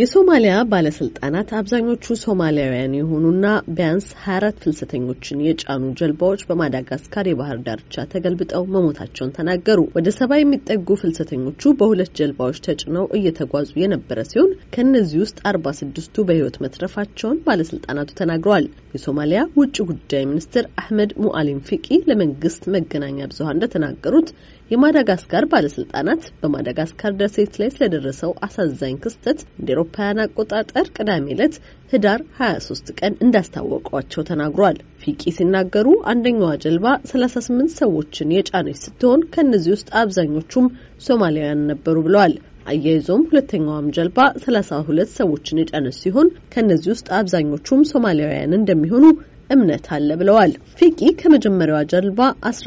የሶማሊያ ባለስልጣናት አብዛኞቹ ሶማሊያውያን የሆኑና ቢያንስ 24 ፍልሰተኞችን የጫኑ ጀልባዎች በማዳጋስካር የባህር ዳርቻ ተገልብጠው መሞታቸውን ተናገሩ። ወደ ሰባ የሚጠጉ ፍልሰተኞቹ በሁለት ጀልባዎች ተጭነው እየተጓዙ የነበረ ሲሆን ከእነዚህ ውስጥ አርባ ስድስቱ በሕይወት መትረፋቸውን ባለስልጣናቱ ተናግረዋል። የሶማሊያ ውጭ ጉዳይ ሚኒስትር አህመድ ሙአሊም ፊቂ ለመንግስት መገናኛ ብዙኃን እንደተናገሩት የማዳጋስካር ባለስልጣናት በማዳጋስካር ደሴት ላይ ስለደረሰው አሳዛኝ ክስተት እንደ አውሮፓውያን አቆጣጠር ቅዳሜ ዕለት ህዳር 23 ቀን እንዳስታወቋቸው ተናግሯል። ፊቂ ሲናገሩ አንደኛዋ ጀልባ 38 ሰዎችን የጫነች ስትሆን ከእነዚህ ውስጥ አብዛኞቹም ሶማሊያውያን ነበሩ ብለዋል። አያይዞም ሁለተኛዋም ጀልባ 32 ሰዎችን የጫነች ሲሆን ከእነዚህ ውስጥ አብዛኞቹም ሶማሊያውያን እንደሚሆኑ እምነት አለ ብለዋል። ፊቂ ከመጀመሪያዋ ጀልባ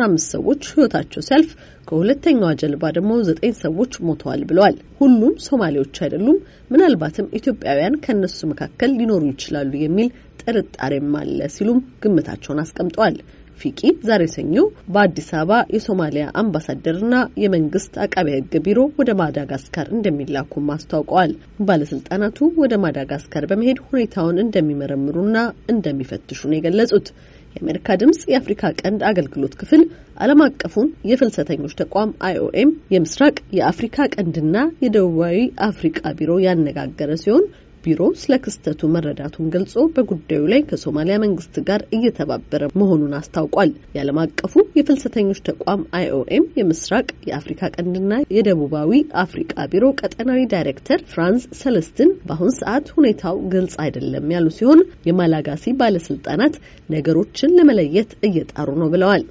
አምስት ሰዎች ህይወታቸው ሲያልፍ ከሁለተኛዋ ጀልባ ደግሞ ዘጠኝ ሰዎች ሞተዋል ብለዋል። ሁሉም ሶማሌዎች አይደሉም፣ ምናልባትም ኢትዮጵያውያን ከእነሱ መካከል ሊኖሩ ይችላሉ የሚል ጥርጣሬም አለ ሲሉም ግምታቸውን አስቀምጠዋል። ፊቂ ዛሬ ሰኞ በአዲስ አበባ የሶማሊያ አምባሳደርና የመንግስት አቃቤ ሕግ ቢሮ ወደ ማዳጋስካር እንደሚላኩም አስታውቀዋል። ባለስልጣናቱ ወደ ማዳጋስካር በመሄድ ሁኔታውን እንደሚመረምሩና እንደሚፈትሹ ነው የገለጹት። የአሜሪካ ድምጽ የአፍሪካ ቀንድ አገልግሎት ክፍል ዓለም አቀፉን የፍልሰተኞች ተቋም አይኦኤም የምስራቅ የአፍሪካ ቀንድና የደቡባዊ አፍሪካ ቢሮ ያነጋገረ ሲሆን ቢሮ ስለ ክስተቱ መረዳቱን ገልጾ በጉዳዩ ላይ ከሶማሊያ መንግስት ጋር እየተባበረ መሆኑን አስታውቋል። የዓለም አቀፉ የፍልሰተኞች ተቋም አይኦኤም የምስራቅ የአፍሪካ ቀንድና የደቡባዊ አፍሪካ ቢሮ ቀጠናዊ ዳይሬክተር ፍራንስ ሰለስትን በአሁን ሰዓት ሁኔታው ግልጽ አይደለም ያሉ ሲሆን የማላጋሲ ባለስልጣናት ነገሮችን ለመለየት እየጣሩ ነው ብለዋል።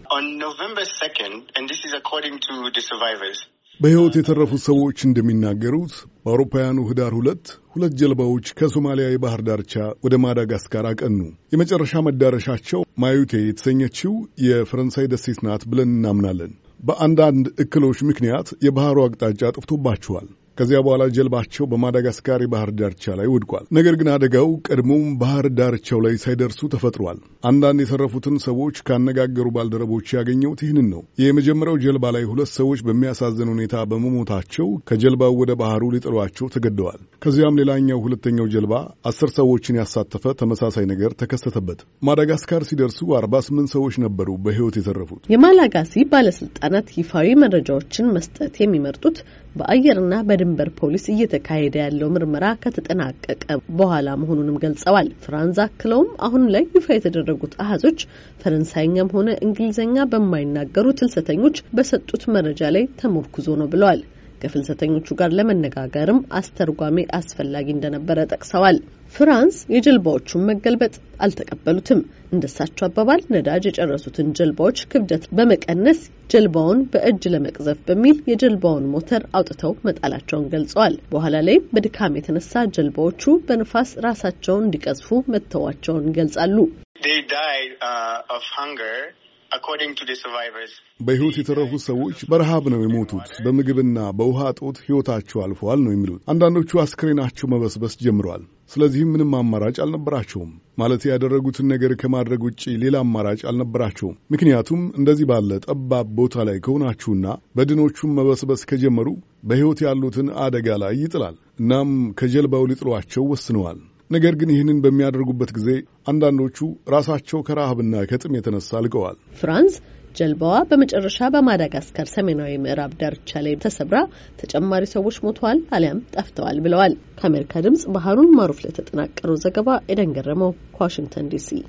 በሕይወት የተረፉት ሰዎች እንደሚናገሩት በአውሮፓውያኑ ህዳር ሁለት ሁለት ጀልባዎች ከሶማሊያ የባህር ዳርቻ ወደ ማዳጋስካር አቀኑ። የመጨረሻ መዳረሻቸው ማዩቴ የተሰኘችው የፈረንሳይ ደሴት ናት ብለን እናምናለን። በአንዳንድ እክሎች ምክንያት የባህሩ አቅጣጫ ጠፍቶባቸዋል። ከዚያ በኋላ ጀልባቸው በማዳጋስካር የባህር ዳርቻ ላይ ወድቋል። ነገር ግን አደጋው ቀድሞም ባህር ዳርቻው ላይ ሳይደርሱ ተፈጥሯል። አንዳንድ የተረፉትን ሰዎች ካነጋገሩ ባልደረቦች ያገኘሁት ይህንን ነው። የመጀመሪያው ጀልባ ላይ ሁለት ሰዎች በሚያሳዝን ሁኔታ በመሞታቸው ከጀልባው ወደ ባህሩ ሊጥሏቸው ተገደዋል። ከዚያም ሌላኛው ሁለተኛው ጀልባ አስር ሰዎችን ያሳተፈ ተመሳሳይ ነገር ተከሰተበት። ማዳጋስካር ሲደርሱ 48 ሰዎች ነበሩ በሕይወት የተረፉት። የማላጋሲ ባለስልጣናት ይፋዊ መረጃዎችን መስጠት የሚመርጡት በአየርና በድ በድንበር ፖሊስ እየተካሄደ ያለው ምርመራ ከተጠናቀቀ በኋላ መሆኑንም ገልጸዋል። ፍራንዝ አክለውም አሁን ላይ ይፋ የተደረጉት አሃዞች ፈረንሳይኛም ሆነ እንግሊዝኛ በማይናገሩ ፍልሰተኞች በሰጡት መረጃ ላይ ተሞርኩዞ ነው ብለዋል። ከፍልሰተኞቹ ጋር ለመነጋገርም አስተርጓሚ አስፈላጊ እንደነበረ ጠቅሰዋል። ፍራንስ የጀልባዎቹን መገልበጥ አልተቀበሉትም። እንደሳቸው አባባል ነዳጅ የጨረሱትን ጀልባዎች ክብደት በመቀነስ ጀልባውን በእጅ ለመቅዘፍ በሚል የጀልባውን ሞተር አውጥተው መጣላቸውን ገልጸዋል። በኋላ ላይ በድካም የተነሳ ጀልባዎቹ በንፋስ ራሳቸውን እንዲቀዝፉ መተዋቸውን ይገልጻሉ። በሕይወት የተረፉት ሰዎች በረሃብ ነው የሞቱት፣ በምግብና በውሃ እጦት ሕይወታቸው አልፈዋል ነው የሚሉት። አንዳንዶቹ አስክሬናቸው መበስበስ ጀምረዋል። ስለዚህም ምንም አማራጭ አልነበራቸውም። ማለት ያደረጉትን ነገር ከማድረግ ውጭ ሌላ አማራጭ አልነበራቸውም። ምክንያቱም እንደዚህ ባለ ጠባብ ቦታ ላይ ከሆናችሁና በድኖቹም መበስበስ ከጀመሩ በሕይወት ያሉትን አደጋ ላይ ይጥላል። እናም ከጀልባው ሊጥሏቸው ወስነዋል። ነገር ግን ይህንን በሚያደርጉበት ጊዜ አንዳንዶቹ ራሳቸው ከረሃብና ከጥም የተነሳ አልቀዋል። ፍራንስ ጀልባዋ በመጨረሻ በማዳጋስከር ሰሜናዊ ምዕራብ ዳርቻ ላይ ተሰብራ ተጨማሪ ሰዎች ሞተዋል አሊያም ጠፍተዋል ብለዋል። ከአሜሪካ ድምጽ ባህሩን ማሩፍ ለተጠናቀረው ዘገባ ኤደን ገረመው ከዋሽንግተን ዲሲ